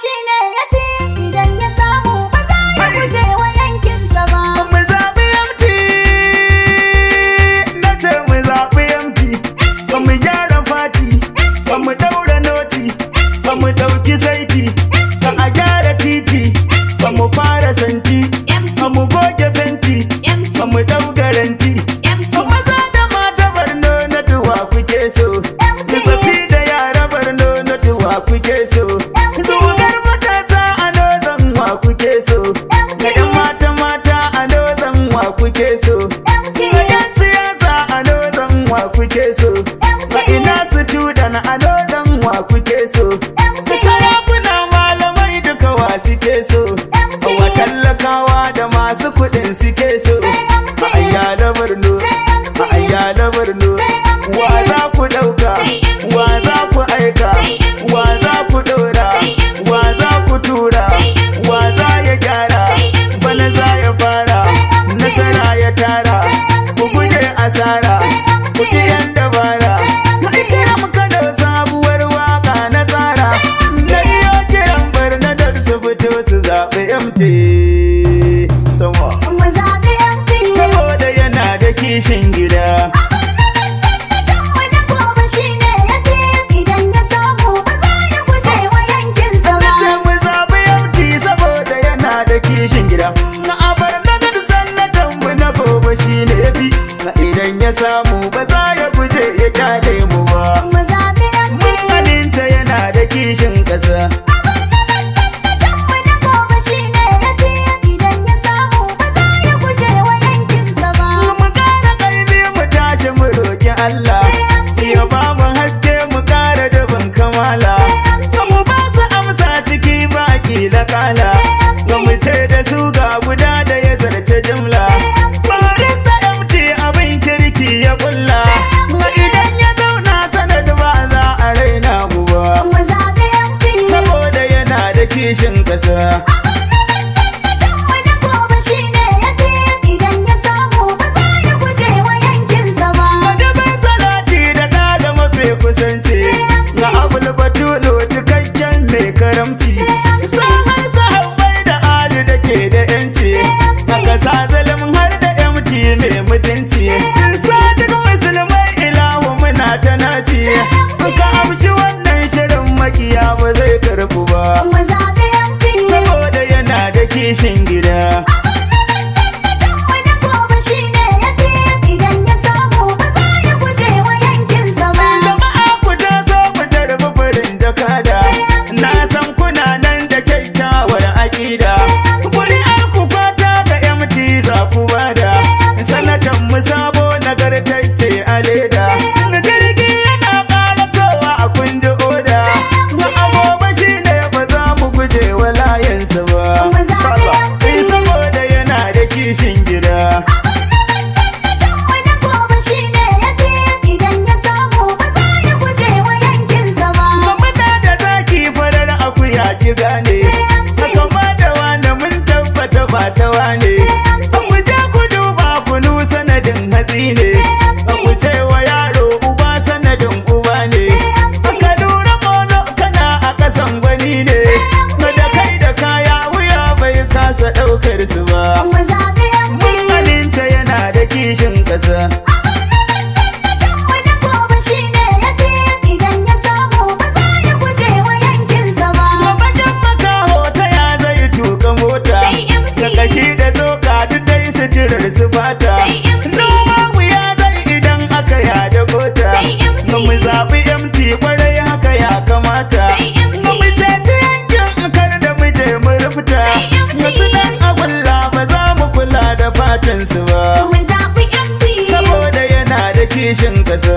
shi ne ya fi idan ya samu ba za ya guje wa yankinsa ba. Mu zaɓi yamti, na ce mu zaɓi yamti. ba mu gyara fati, ba mu ɗaura noti, ba mu ɗauki saiti, ba a gyara titi, ba mu fara santi, ba mu goge fenti, ba mu ɗau garanti. Maza da mata barno so, da yara barno so. Sunday. cirar su fata mu ya zai idan aka yada gota mu zaɓi mt kwarai haka ya kamata mu je ta yankin kar da muje mu rufuta ga su dan agwalla ba za mu kula da fatansu ba saboda yana da kishin ƙasa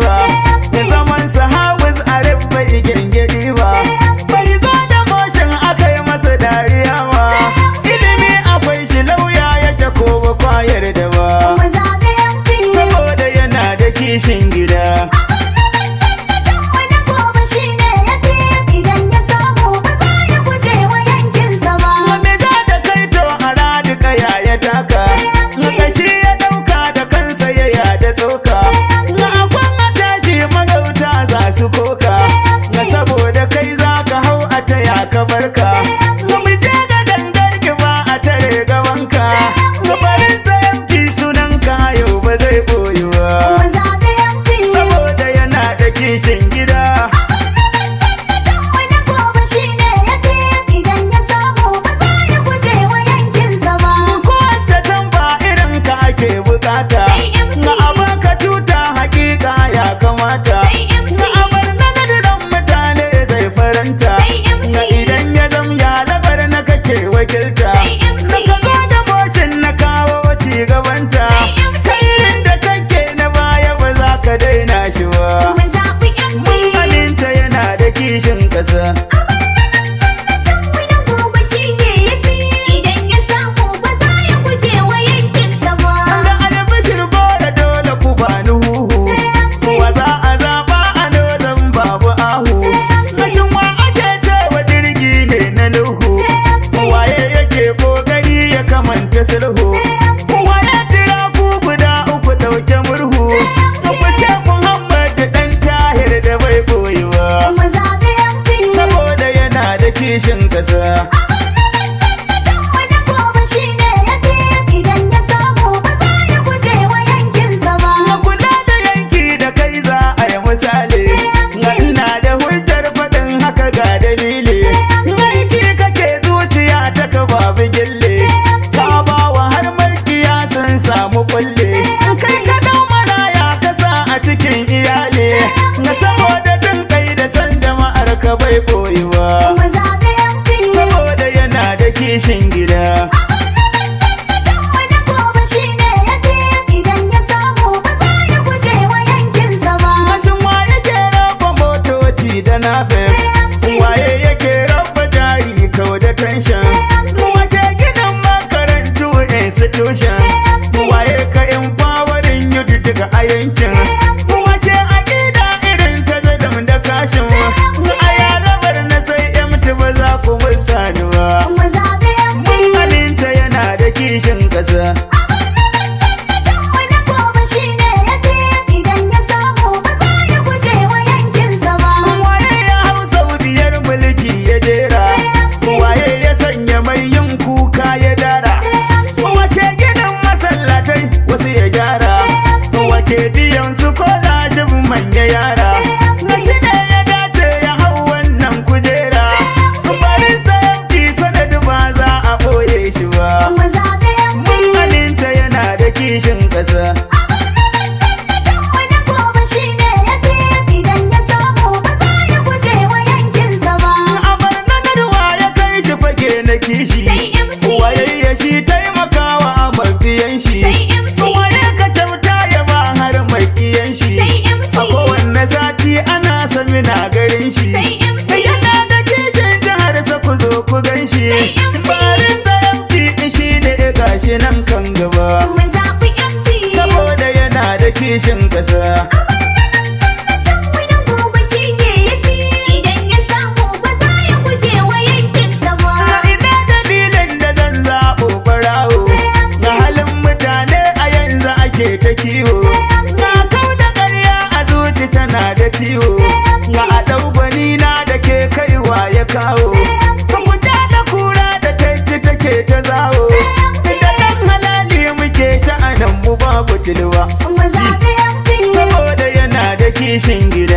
barka na fem waye yake rabba jari kau da tension kuma ke gidan makarantu institution eh, kishin gida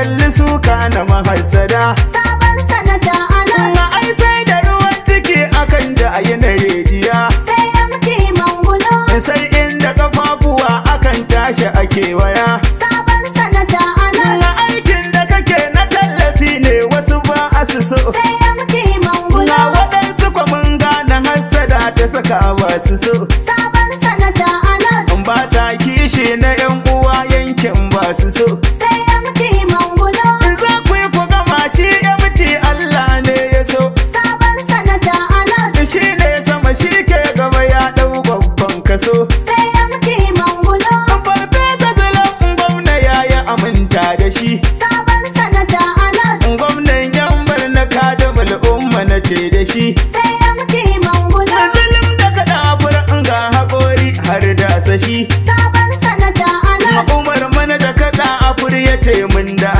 kalli suka na mahaisada sabon sanata ana na ai sai da ruwan ciki akan da ayi na rijiya sai yamti mangulo sai inda kafafuwa akan tashi a kewaya sabon sanata ana na aikin da kake na tallafi ne wasu ba a su so sai yamti mangulo na waɗansu kwamin gane hassada ta saka ba su so sabon sanata ana ba sa kishi na yan uwa yankin ba su so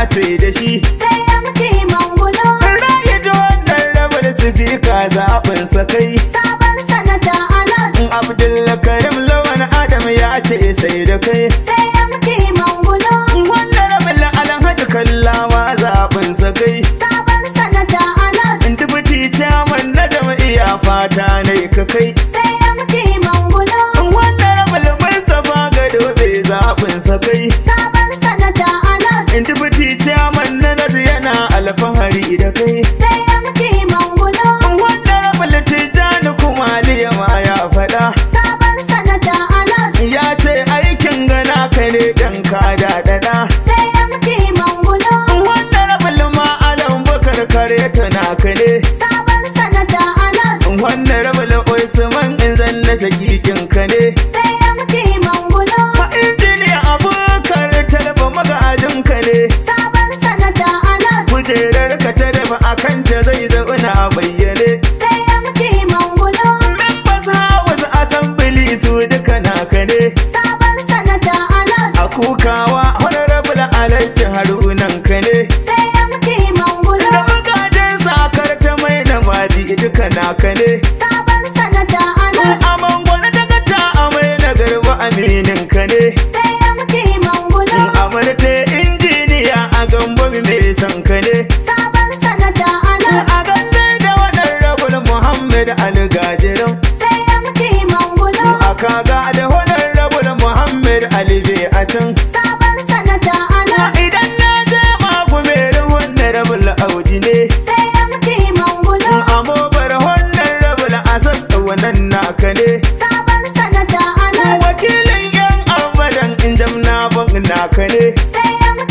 ce da shi naka ne sai ya mutu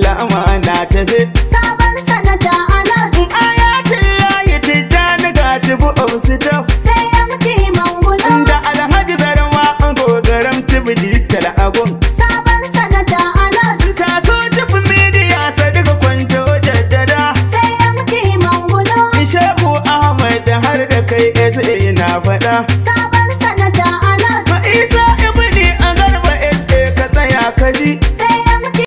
Allah amana ta